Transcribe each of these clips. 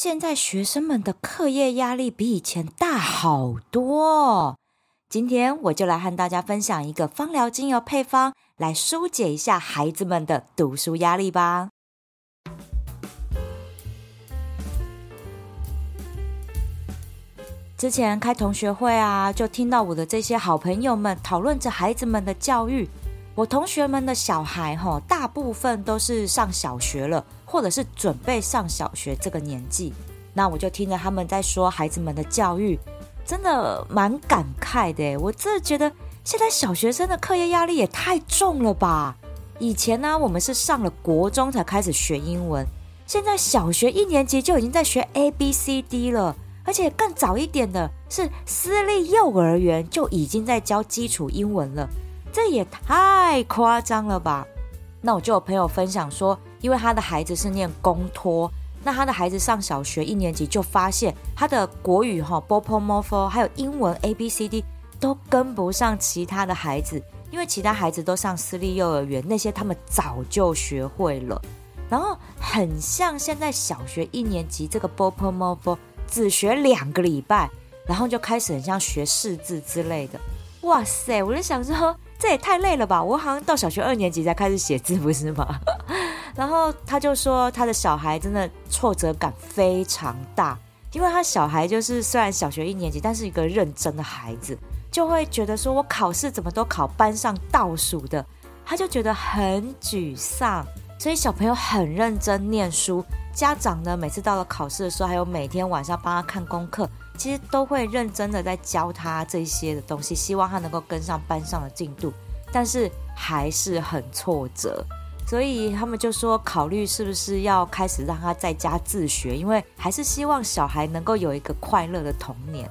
現在學生們的課業壓力比以前大好多。今天我就來和大家分享一個芳療精油配方，來疏解一下孩子們的讀書壓力吧。之前開同學會啊，就聽到我的這些好朋友們討論着孩子們的教育。我同學們的小孩哦，大部分都是上小學了。或者是準備上小學這個年紀，那我就聽着他們在說孩子們的教育，真的蠻感慨的。我真的覺得現在小學生的課業壓力也太重了吧？以前呢、啊，我們是上了國中才開始學英文，現在小學一年級就已經在學 ABCD 了，而且更早一點的是私立幼兒園就已經在教基礎英文了，這也太誇張了吧？那我就有朋友分享說，因為他的孩子是念公托，那他的孩子上小學一年級就發現他的國語哈、哦、bopomofo 還有英文 a b c d 都跟不上其他的孩子，因為其他孩子都上私立幼兒園，那些他們早就學會了。然後很像現在小學一年級這個 bopomofo 只學兩個禮拜，然後就開始很像學識字之類的。哇塞，我就想說。這也太累了吧！我好像到小學二年級才開始寫字，不是嗎？ 然後他就說他的小孩真的挫折感非常大，因為他小孩就是雖然小學一年級，但是一個認真的孩子，就會覺得說我考試怎麼都考班上倒數的，他就覺得很沮喪，所以小朋友很認真念書。家長呢，每次到了考試的時候，還有每天晚上幫他看功課，其實都會認真的在教他這些的東西，希望他能夠跟上班上的進度，但是還是很挫折，所以他們就說考慮是不是要開始讓他在家自學，因為還是希望小孩能夠有一個快樂的童年。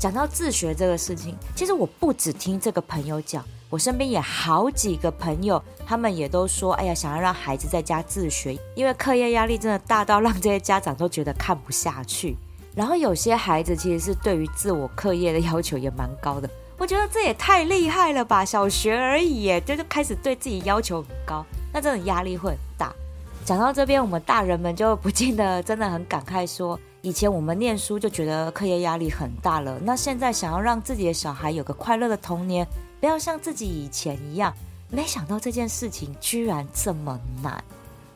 講到自學這個事情，其實我不止聽這個朋友講。我身邊也好幾個朋友，他們也都說：“哎呀，想要讓孩子在家自學，因為課業壓力真的大到讓這些家長都覺得看不下去。”然後有些孩子其實是對於自我課業的要求也蠻高的，我覺得這也太厲害了吧！小學而已耶，就就開始對自己要求很高，那這種壓力會很大。講到這邊，我們大人們就不禁的真的很感慨說，說以前我們唸書就覺得課業壓力很大了，那現在想要讓自己的小孩有個快樂的童年。不要像自己以前一樣，沒想到這件事情居然這麼難，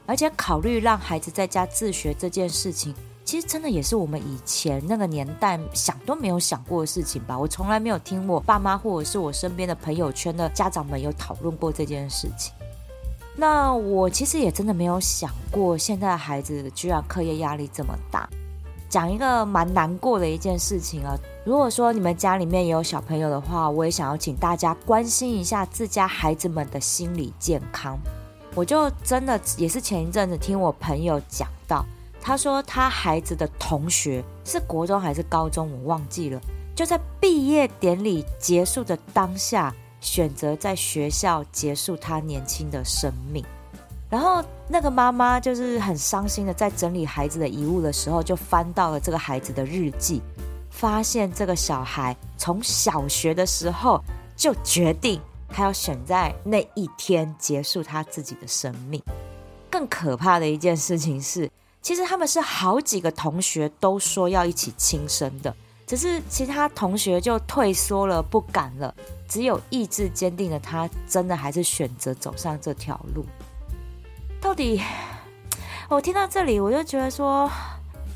而且考慮讓孩子在家自學這件事情，其實真的也是我們以前那個年代想都沒有想過的事情吧。我從來沒有聽我爸媽或者是我身邊的朋友圈的家長們有討論過這件事情。那我其實也真的沒有想過，現在的孩子居然課業壓力這麼大。講一個蠻難過的一件事情啊！如果說你們家裡面也有小朋友的話，我也想要請大家關心一下自家孩子們的心理健康。我就真的也是前一陣子聽我朋友講到，他說他孩子的同學是國中還是高中我忘記了，就在畢業典禮結束的當下，選擇在學校結束他年輕的生命。然後，那個媽媽就是很傷心的，在整理孩子的遺物的時候，就翻到了這個孩子的日記，發現這個小孩從小學的時候就決定他要選在那一天結束他自己的生命。更可怕的一件事情是，其實他們是好幾個同學都說要一起輕生的，只是其他同學就退縮了，不敢了。只有意志堅定的他，真的還是選擇走上這條路。到底，我聽到這裡，我就覺得說，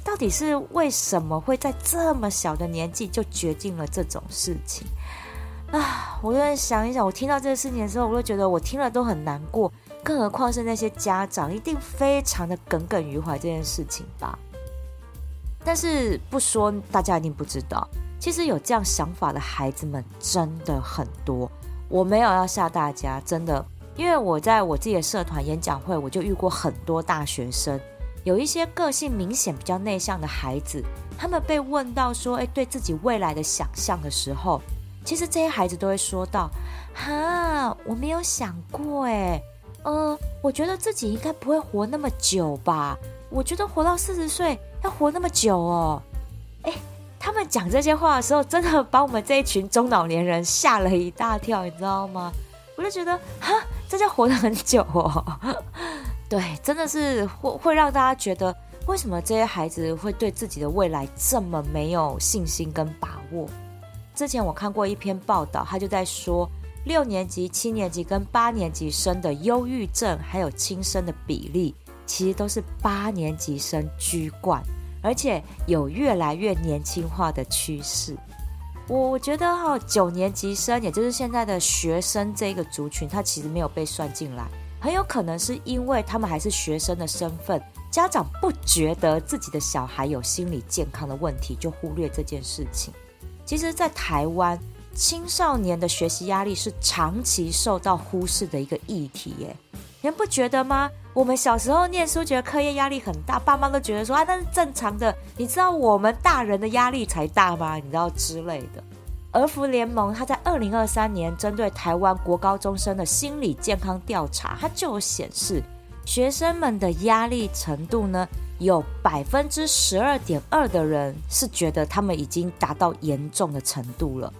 到底是為什麼會在這麼小的年紀就決定了這種事情啊？我就在想一想，我聽到這個事情的時候，我就覺得我聽了都很難過，更何況是那些家長，一定非常的耿耿於懷這件事情吧。但是不說，大家一定不知道，其實有這樣想法的孩子們真的很多。我沒有要嚇大家，真的。因為我在我自己的社團演講會，我就遇過很多大學生，有一些個性明顯比較內向的孩子，他們被問到說：“誒，對自己未來的想象的時候，其實這些孩子都會說到：哈，我沒有想過、欸，哎，呃，我覺得自己應該不會活那麼久吧？我覺得活到四十歲要活那麼久哦，哎，他們講這些話的時候，真的把我們這一群中老年人嚇了一大跳，你知道嗎？我就覺得，哈。這就活得很久哦， 對，真的是會會讓大家覺得，為什麼這些孩子會對自己的未來這麼沒有信心跟把握？之前我看過一篇報道，他就在說，六年級、七年級跟八年級生的憂鬱症還有輕生的比例，其實都是八年級生居冠，而且有越來越年輕化的趨勢。我覺得哈、哦，九年級生，也就是現在的學生這個族群，他其實沒有被算進來，很有可能是因為他們還是學生的身份，家長不覺得自己的小孩有心理健康的問題，就忽略這件事情。其實，在台灣，青少年的學習壓力是長期受到忽視的一個議題耶。您不覺得嗎？我們小時候念書覺得課業壓力很大，爸媽都覺得說啊那是正常的。你知道我們大人的壓力才大嗎？你知道之類的。而福聯盟他在二零二三年針對台灣國高中生的心理健康調查，它就有顯示，學生們的壓力程度呢，有百分之十二點二的人是覺得他們已經達到嚴重的程度了。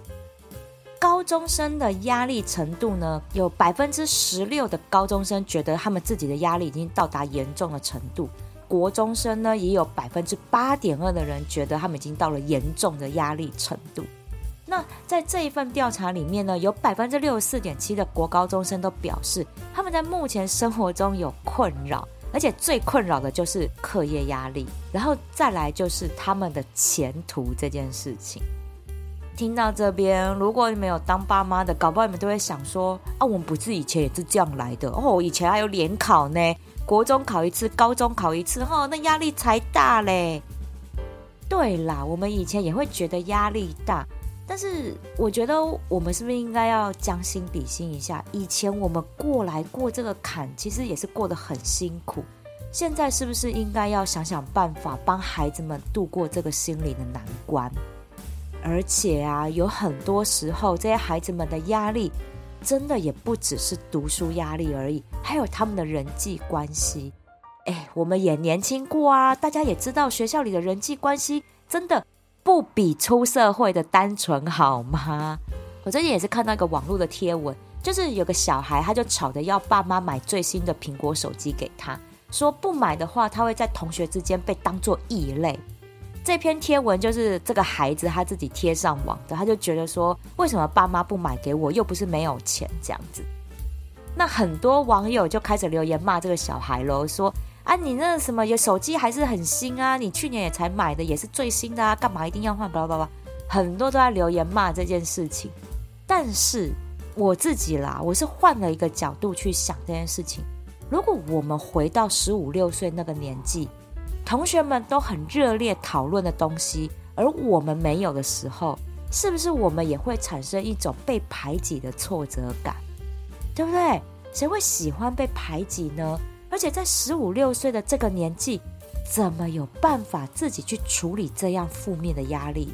高中生的壓力程度呢，有百分之十六的高中生覺得他們自己的壓力已經到達嚴重的程度。國中生呢，也有百分之八點二的人覺得他們已經到了嚴重的壓力程度。那在這一份調查裡面呢，有百分之六十四點七的國高中生都表示他們在目前生活中有困擾，而且最困擾的就是課業壓力，然後再來就是他們的前途這件事情。聽到這邊，如果你們有當爸媽的，搞不好你們都會想說：啊，我們不是以前也是這樣來的哦，以前還有聯考呢，國中考一次，高中考一次，哈、哦，那壓力才大嘞。對啦，我們以前也會覺得壓力大，但是我覺得我們是不是應該要將心比心一下？以前我們過來過這個坎，其實也是過得很辛苦。現在是不是應該要想想辦法幫孩子們度過這個心理的難關？而且啊，有很多時候，這些孩子們的壓力，真的也不只是讀書壓力而已，還有他們的人際關係。哎，我們也年輕過啊，大家也知道，學校裡的人際關係真的不比出社會的單純，好嗎？我最近也是看到一個網絡的貼文，就是有個小孩，他就吵着要爸媽買最新的蘋果手機給他，說不買的話，他會在同學之間被當作異類。這篇貼文就是這個孩子他自己貼上網的，他就覺得說，為什麼爸媽不買給我？又不是沒有錢這樣子。那很多網友就開始留言罵這個小孩了，說：“啊，你那什麼，手機還是很新啊，你去年也才買的，也是最新的啊，幹嘛一定要換？”，blah blah blah，很多都在留言罵這件事情。但是我自己啦，我是換了一個角度去想這件事情。如果我們回到十五六歲那個年紀，同學們都很熱烈討論的東西，而我們沒有的時候，是不是我們也會產生一種被排擠的挫折感？對不對？誰會喜歡被排擠呢？而且在十五六歲的這個年紀，怎麼有辦法自己去處理這樣負面的壓力？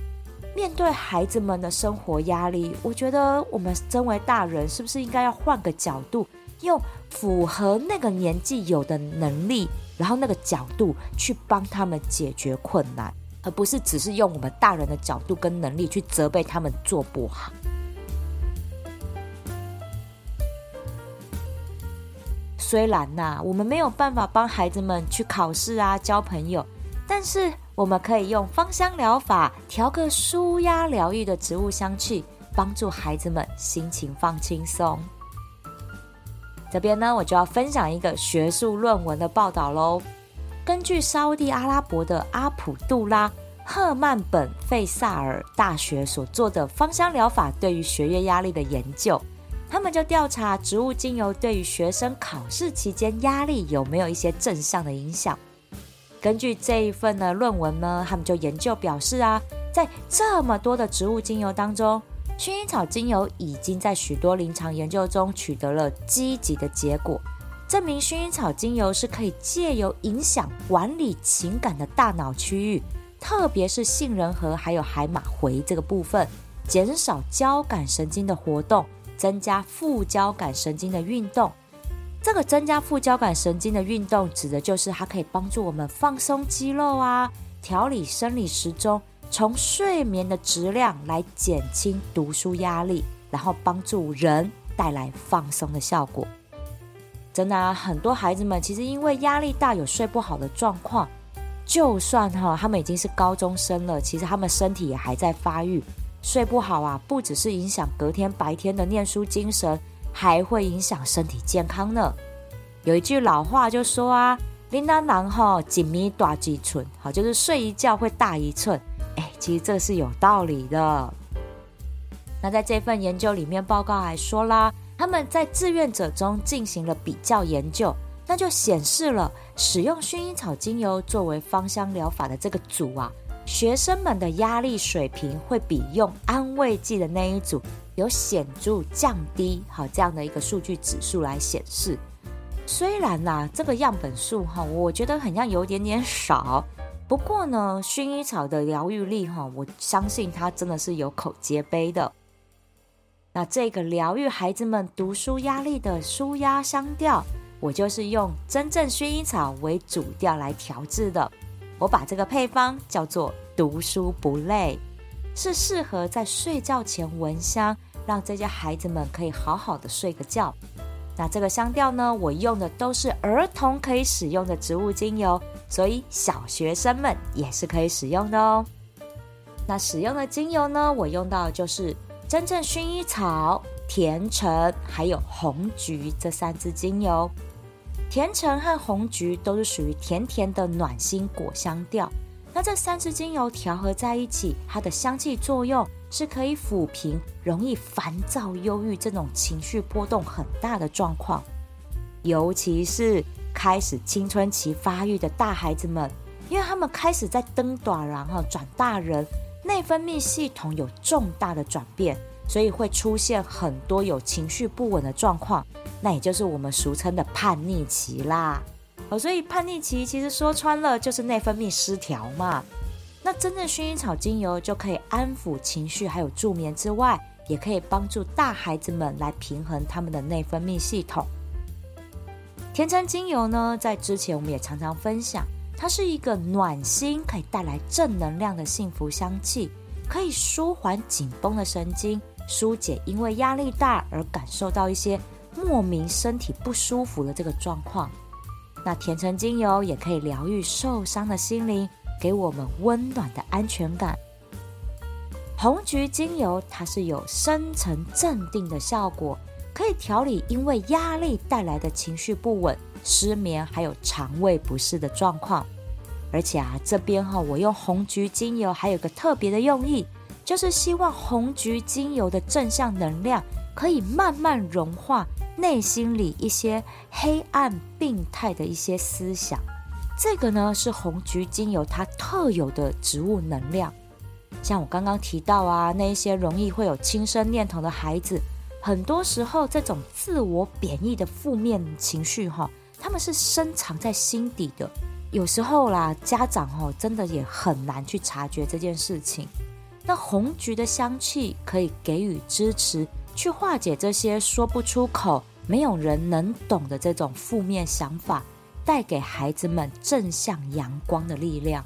面對孩子們的生活壓力，我覺得我們身為大人，是不是應該要換個角度，用符合那個年紀有的能力，然後那個角度去幫他們解決困難，而不是只是用我們大人的角度跟能力去責備他們做不好。雖然吶、啊，我們沒有辦法幫孩子們去考試啊、交朋友，但是我們可以用芳香療法調個舒壓療癒的植物香氣，幫助孩子們心情放輕鬆。這邊呢，我就要分享一個學術論文的報道嘍。根據沙烏地阿拉伯的阿普杜拉赫曼本費薩爾大學所做的芳香療法對於學業壓力的研究，他們就調查植物精油對於學生考試期間壓力有沒有一些正向的影響。根據這一份的論文呢，他們就研究表示啊，在這麼多的植物精油當中。薰衣草精油已經在許多臨床研究中取得了積極的結果，證明薰衣草精油是可以借由影響管理情感的大腦區域，特別是杏仁核還有海馬回這個部分，減少交感神經的活動，增加副交感神經的運動。這個增加副交感神經的運動，指的就是它可以幫助我們放鬆肌肉啊，調理生理時鐘。從睡眠的質量來減輕讀書壓力，然後幫助人帶來放鬆的效果。真的啊，很多孩子們其實因為壓力大，有睡不好的狀況。就算哈、哦，他們已經是高中生了，其實他們身體也還在發育，睡不好啊，不只是影響隔天白天的念書精神，還會影響身體健康呢。有一句老話就說啊，“囡仔人哈，一暝大一寸”，好，就是睡一覺會大一寸。哎，其實這是有道理的。那在這份研究裡面，報告還說啦，他們在志願者中進行了比較研究，那就顯示了使用薰衣草精油作為芳香療法的這個組啊，學生們的壓力水平會比用安慰劑的那一組有顯著降低。好，這樣的一個數據指數來顯示，雖然啦、啊，這個樣本數哈、啊，我覺得好像有點點少。不過呢，薰衣草的療癒力哈，我相信它真的是有口皆碑的。那這個療癒孩子們讀書壓力的舒壓香調，我就是用真正薰衣草為主調來調製的。我把這個配方叫做“讀書不累”，是適合在睡覺前聞香，讓這些孩子們可以好好的睡個覺。那這個香調呢，我用的都是兒童可以使用的植物精油。所以小學生們也是可以使用的哦。那使用的精油呢？我用到的就是真正薰衣草、甜橙還有紅桔這三支精油。甜橙和紅桔都是屬於甜甜的暖心果香調。那這三支精油調和在一起，它的香氣作用是可以撫平容易煩躁、憂鬱這種情緒波動很大的狀況，尤其是，開始青春期發育的大孩子們，因為他們開始在登短，然後轉大人，內分泌系統有重大的轉變，所以會出現很多有情緒不穩的狀況，那也就是我們俗稱的叛逆期啦。哦，所以叛逆期其實說穿了就是內分泌失調嘛。那真正薰衣草精油就可以安撫情緒，還有助眠之外，也可以幫助大孩子們來平衡他們的內分泌系統。甜橙精油呢，在之前我們也常常分享，它是一個暖心，可以帶來正能量的幸福香氣，可以舒緩緊繃的神經，疏解因為壓力大而感受到一些莫名身體不舒服的這個狀況。那甜橙精油也可以療癒受傷的心靈，給我們溫暖的安全感。紅桔精油，它是有深層鎮定的效果。可以調理因為壓力帶來的情緒不穩、失眠，還有腸胃不適的狀況。而且啊，這邊哈、哦，我用紅橘精油，還有個特別的用意，就是希望紅橘精油的正向能量，可以慢慢融化內心裡一些黑暗病態的一些思想。這個呢，是紅橘精油它特有的植物能量。像我剛剛提到啊，那一些容易會有輕生念頭的孩子。很多時候，這種自我貶義的負面情緒哦，他們是深藏在心底的。有時候啦，家長哦，真的也很難去察覺這件事情。那紅桔的香氣可以給予支持，去化解這些說不出口、沒有人能懂的這種負面想法，帶給孩子們正向陽光的力量。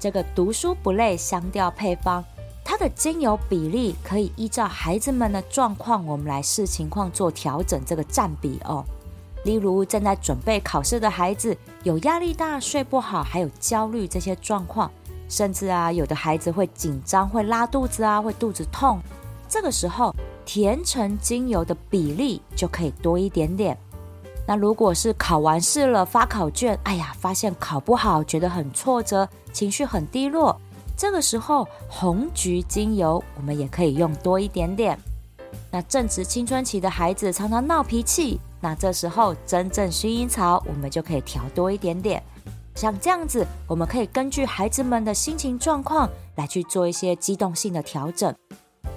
這個讀書不累香調配方。它的精油比例可以依照孩子們的狀況，我們來視情況做調整這個占比哦。例如，正在準備考試的孩子，有壓力大、睡不好，還有焦慮這些狀況，甚至啊，有的孩子會緊張、會拉肚子啊，會肚子痛。這個時候，甜橙精油的比例就可以多一點點。那如果是考完試了發考卷，哎呀，發現考不好，覺得很挫折，情緒很低落。這個時候，紅桔精油我們也可以用多一點點。那正值青春期的孩子常常鬧脾氣，那這時候真正薰衣草我們就可以調多一點點。像這樣子，我們可以根據孩子們的心情狀況來去做一些機動性的調整。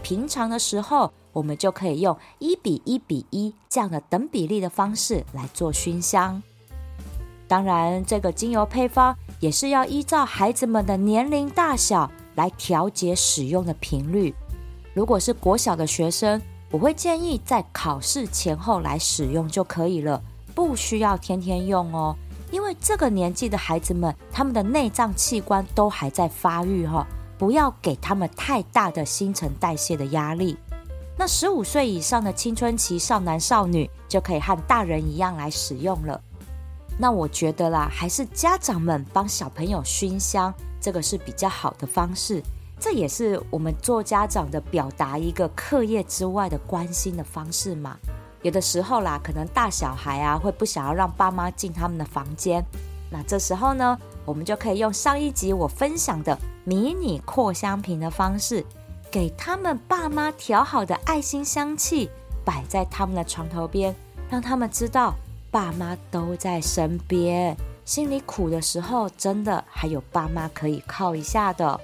平常的時候，我們就可以用一比一比一這樣的等比例的方式來做熏香。當然，這個精油配方。也是要依照孩子們的年齡大小來調節使用的頻率。如果是國小的學生，我會建議在考試前後來使用就可以了，不需要天天用哦。因為這個年紀的孩子們，他們的內臟器官都還在發育哦，不要給他們太大的新陳代謝的壓力。那十五歲以上的青春期少男少女就可以和大人一樣來使用了。那我覺得啦，還是家長們幫小朋友熏香，這個是比較好的方式。這也是我們做家長的表達一個課業之外的關心的方式嘛。有的時候啦，可能大小孩啊會不想要讓爸媽進他們的房間，那這時候呢，我們就可以用上一集我分享的迷你擴香瓶的方式，給他們爸媽調好的愛心香氣擺在他們的床頭邊，讓他們知道，爸媽都在身邊，心裡苦的時候，真的還有爸媽可以靠一下的。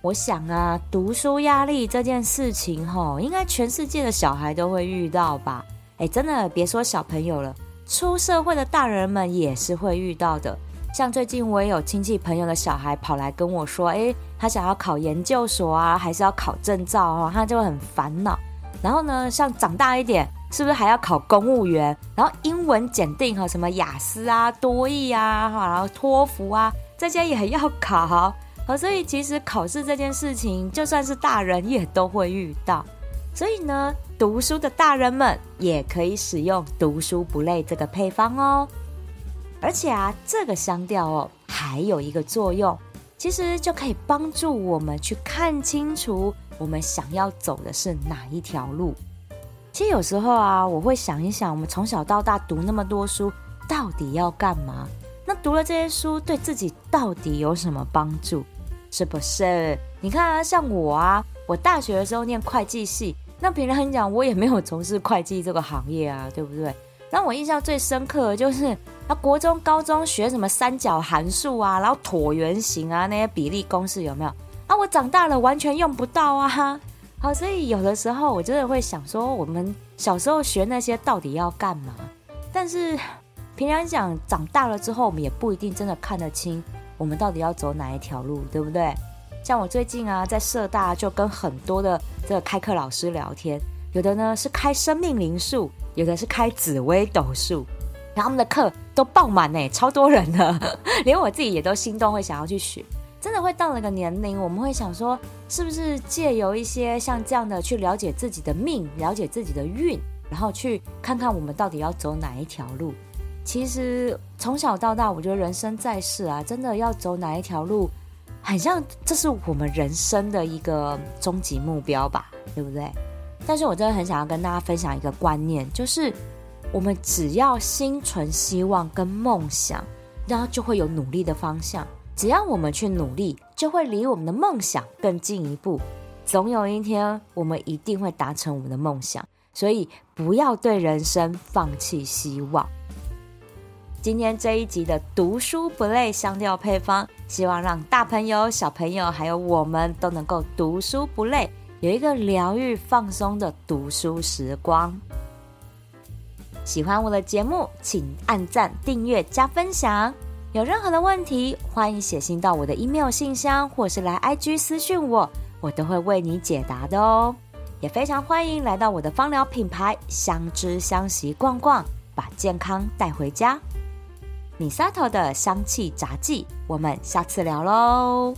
我想啊，讀書壓力這件事情，哦，哈，應該全世界的小孩都會遇到吧？哎，真的，別說小朋友了，出社會的大人們也是會遇到的。像最近我也有親戚朋友的小孩跑來跟我說，欸，他想要考研究所啊，還是要考證照啊、哦，他就很煩惱。然後呢，像長大一點，是不是還要考公務員？然後英文檢定和什麼雅思啊、多益啊，然後托福啊，這些也要考。哦，所以其實考試這件事情，就算是大人也都會遇到。所以呢，讀書的大人們也可以使用“讀書不累”這個配方哦。而且啊，這個香調哦，還有一個作用，其實就可以幫助我們去看清楚我們想要走的是哪一條路。其實有時候啊，我會想一想，我們從小到大讀那麼多書，到底要幹嘛？那讀了這些書，對自己到底有什麼幫助？是不是？你看啊，像我啊，我大學的時候念會計系，那別人很講我也沒有從事會計這個行業啊，對不對？讓我印象最深刻的就是，啊，國中、高中學什麼三角函數啊，然後橢圓形啊，那些比例公式有沒有？啊，我長大了完全用不到啊。好，所以有的時候我真的會想說，我們小時候學那些到底要幹嘛？但是平常講，長大了之後我們也不一定真的看得清，我們到底要走哪一條路，對不對？像我最近啊，在社大就跟很多的這個開課老師聊天，有的呢是開生命靈數，有的是開紫微斗數，然後他們的課。都爆滿呢，超多人的， 連我自己也都心動，會想要去學。真的會到了個年齡，我們會想說，是不是借由一些像這樣的，去了解自己的命，了解自己的運，然後去看看我們到底要走哪一條路。其實從小到大，我覺得人生在世啊，真的要走哪一條路，很像這是我們人生的一個終極目標吧，對不對？但是我真的很想要跟大家分享一個觀念，就是。我們只要心存希望跟夢想，然後就會有努力的方向。只要我們去努力，就會離我們的夢想更進一步。總有一天，我們一定會達成我們的夢想。所以，不要對人生放棄希望。今天這一集的讀書不累香料配方，希望讓大朋友、小朋友還有我們都能夠讀書不累，有一個療癒、放鬆的讀書時光。喜歡我的節目，請按贊、訂閱、加分享。有任何的問題，歡迎寫信到我的 email 信箱，或是來 IG 私訊我，我都會為你解答的哦。也非常歡迎來到我的芳療品牌香知香息逛逛，把健康帶回家。Misato 的香氣雜記，我們下次聊嘍。